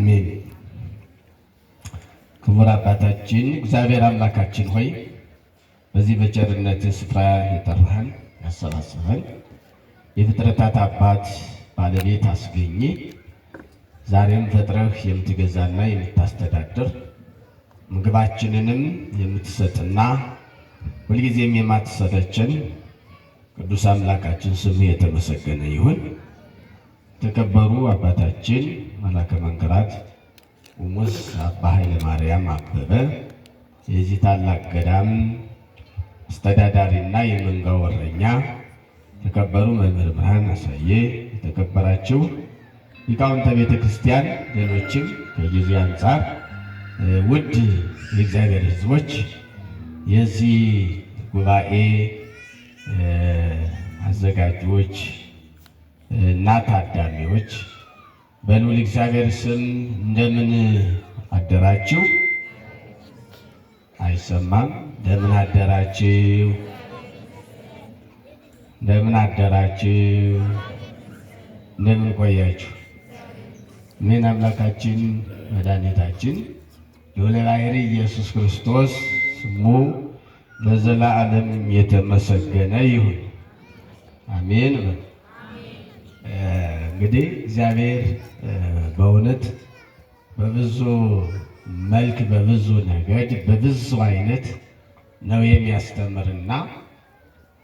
አሜን። ክቡር አባታችን እግዚአብሔር አምላካችን ሆይ በዚህ በቸርነት ስፍራ የጠራህን ያሰባሰበን የፍጥረታት አባት ባለቤት አስገኘ ዛሬም ፈጥረህ የምትገዛና የምታስተዳድር ምግባችንንም የምትሰጥና ሁልጊዜም የማትሰለቸን ቅዱስ አምላካችን ስሙ የተመሰገነ ይሁን። የተከበሩ አባታችን መላከ መንክራት ቁሙስ አባ ኃይለ ማርያም አበበ የዚህ ታላቅ ገዳም አስተዳዳሪና የመንጋው እረኛ፣ የተከበሩ መምህር ብርሃን አሳየ፣ የተከበራችሁ ሊቃውንተ ቤተ ክርስቲያን፣ ሌሎችም ከጊዜ አንጻር ውድ የእግዚአብሔር ሕዝቦች የዚህ ጉባኤ አዘጋጆች እና ታዳሚዎች በሉል እግዚአብሔር ስም እንደምን አደራችሁ? አይሰማም። እንደምን አደራችሁ? እንደምን አደራችሁ? እንደምን ቆያችሁ? ምን አምላካችን መድኃኒታችን ልዑለ ባሕርይ ኢየሱስ ክርስቶስ ስሙ በዘላለም የተመሰገነ ይሁን። አሜን። እንግዲህ እግዚአብሔር በእውነት በብዙ መልክ በብዙ ነገድ በብዙ አይነት ነው የሚያስተምርና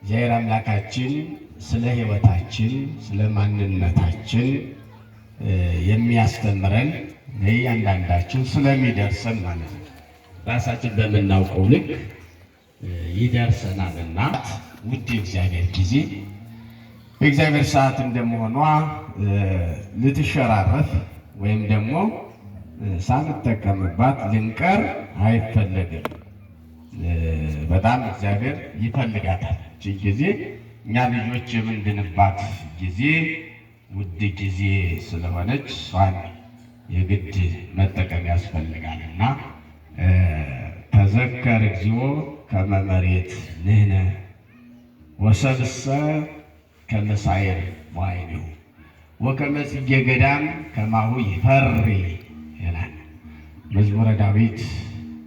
እግዚአብሔር አምላካችን ስለ ሕይወታችን ስለ ማንነታችን የሚያስተምረን እያንዳንዳችን ስለሚደርሰን ማለት ነው። ራሳችን በምናውቀው ልክ ይደርሰናልና ውድ እግዚአብሔር ጊዜ በእግዚአብሔር ሰዓት እንደመሆኗ ልትሸራረፍ ወይም ደግሞ ሳንጠቀምባት ልንቀር አይፈለግም። በጣም እግዚአብሔር ይፈልጋታል። ይቺ ጊዜ እኛ ልጆች የምንድንባት ጊዜ ውድ ጊዜ ስለሆነች እሷን የግድ መጠቀም ያስፈልጋልና ተዘከር እግዚኦ ከመ መሬት ንሕነ ከመሳይር ዋይኑ ወከመጽጌ ገዳም ከማሁ ይፈሪ ይላል መዝሙረ ዳዊት።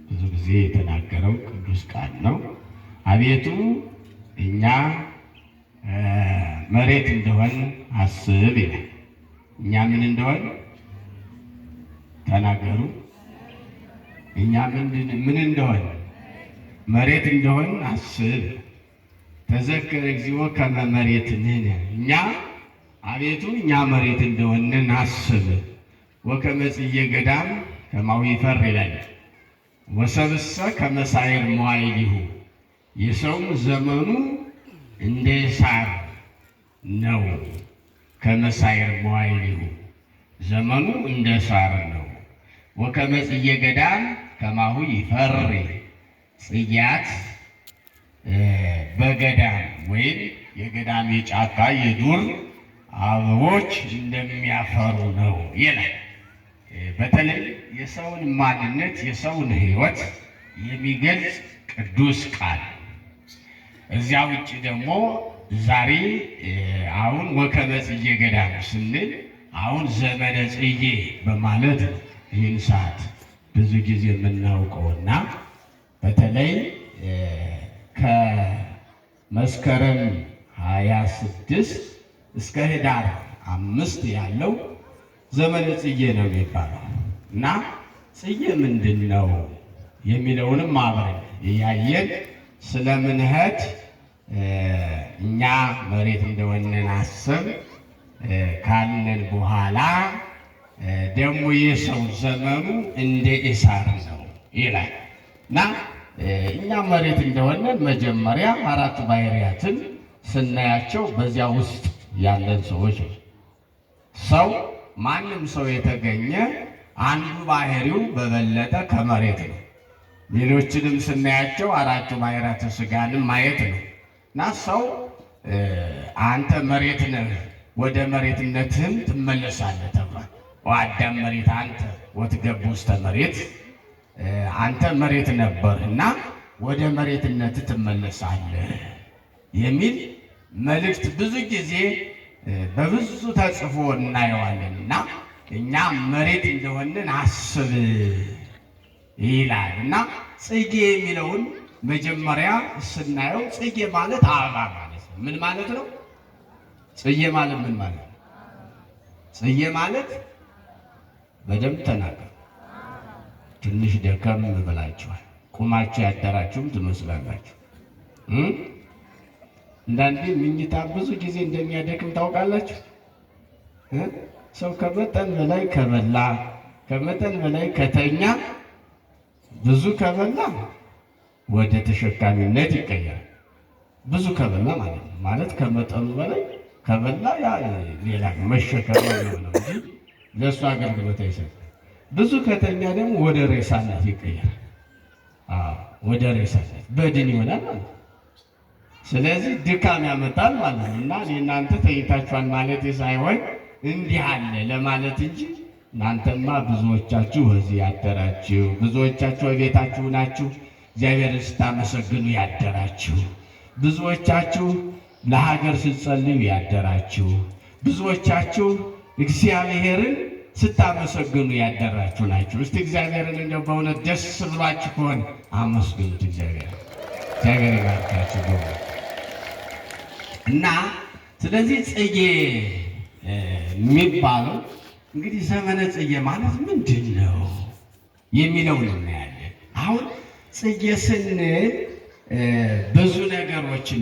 ብዙ ጊዜ የተናገረው ቅዱስ ቃል ነው። አቤቱ እኛ መሬት እንደሆን አስብ ይላል። እኛ ምን እንደሆን ተናገሩ። እኛ ምን እንደሆን መሬት እንደሆን አስብ ተዘከረ እግዚኦ ከመ መሬትንነ እኛ አቤቱ እኛ መሬት እንደሆንን አስብ። ወከመ ጽጌ ገዳም ከማዊ ፈር ይላል ወሰብሰ ከመሳይር መዋዕሊሁ የሰውም ዘመኑ እንደ ሳር ነው። ከመሳይር መዋዕሊሁ ዘመኑ እንደ ሳር ነው። ወከመ ገዳም ከማሁ ይፈሪ ጽያት በገዳም ወይም የገዳም የጫካ የዱር አበቦች እንደሚያፈሩ ነው ይላል። በተለይ የሰውን ማንነት የሰውን ሕይወት የሚገልጽ ቅዱስ ቃል። እዚያ ውጭ ደግሞ ዛሬ አሁን ወከመ ጽጌ ገዳም ስንል አሁን ዘመነ ጽጌ በማለት ይህን ሰዓት ብዙ ጊዜ የምናውቀውና በተለይ ከመስከረም 26 እስከ ህዳር አምስት ያለው ዘመነ ጽጌ ነው የሚባለው እና ጽጌ ምንድን ነው የሚለውንም አብረን እያየን ስለ ምንህት እኛ መሬት እንደወነን አስብ ካለን በኋላ ደግሞ የሰው ዘመኑ እንደ ኢሳር ነው ይላል እና እኛ መሬት እንደሆነን መጀመሪያ አራት ባህሪያትን ስናያቸው በዚያ ውስጥ ያለን ሰዎች ሰው ማንም ሰው የተገኘ አንዱ ባህሪው በበለጠ ከመሬት ነው። ሌሎችንም ስናያቸው አራቱ ባህሪያት ስጋንም ማየት ነው እና ሰው አንተ መሬት ነህ፣ ወደ መሬትነትህም ትመለሳለህ ተብሏል። አዳም መሬት አንተ ወትገቡ ውስተ መሬት አንተ መሬት ነበር እና ወደ መሬትነት ትመለሳለህ የሚል መልእክት ብዙ ጊዜ በብዙ ተጽፎ እናየዋለን እና እኛ መሬት እንደሆንን አስብ ይላል እና ጽጌ የሚለውን መጀመሪያ ስናየው ጽጌ ማለት አበባ ማለት ነው። ምን ማለት ነው? ጽጌ ማለት ምን ማለት ነው? ጽጌ ማለት በደንብ ተናገር ትንሽ ደከም ብላችኋል። ቁማችሁ ያደራችሁም ትመስላላችሁ። እንዳንዴ ምኝታ ብዙ ጊዜ እንደሚያደክም ታውቃላችሁ። ሰው ከመጠን በላይ ከበላ ከመጠን በላይ ከተኛ ብዙ ከበላ ወደ ተሸካሚነት ይቀየራል። ብዙ ከበላ ማለት ነው። ማለት ከመጠኑ በላይ ከበላ ያ ሌላ መሸከም ነው ለእሱ አገልግሎት አይሰጥ ብዙ ከተኛ ደግሞ ወደ ሬሳነት ይቀየራል። ወደ ሬሳነት በድን ይሆናል ማለት ነው። ስለዚህ ድካም ያመጣል ማለት ነው። እና እናንተ ተኝታችኋል ማለት ሳይሆን እንዲህ አለ ለማለት እንጂ እናንተማ ብዙዎቻችሁ እዚህ ያደራችሁ፣ ብዙዎቻችሁ በቤታችሁ ናችሁ እግዚአብሔርን ስታመሰግኑ ያደራችሁ፣ ብዙዎቻችሁ ለሀገር ስትጸልዩ ያደራችሁ፣ ብዙዎቻችሁ እግዚአብሔርን ስታመሰግኑ ያደራችሁ ናችሁ። እስቲ እግዚአብሔርን እንደው በእውነት ደስ ብሏችሁ ከሆነ አመስግኑት። እግዚአብሔር እግዚአብሔር ይባርካችሁ እና ስለዚህ ጽጌ የሚባለው እንግዲህ ዘመነ ጽጌ ማለት ምንድን ነው የሚለውን እናያለን። አሁን ጽጌ ስንል ብዙ ነገሮችን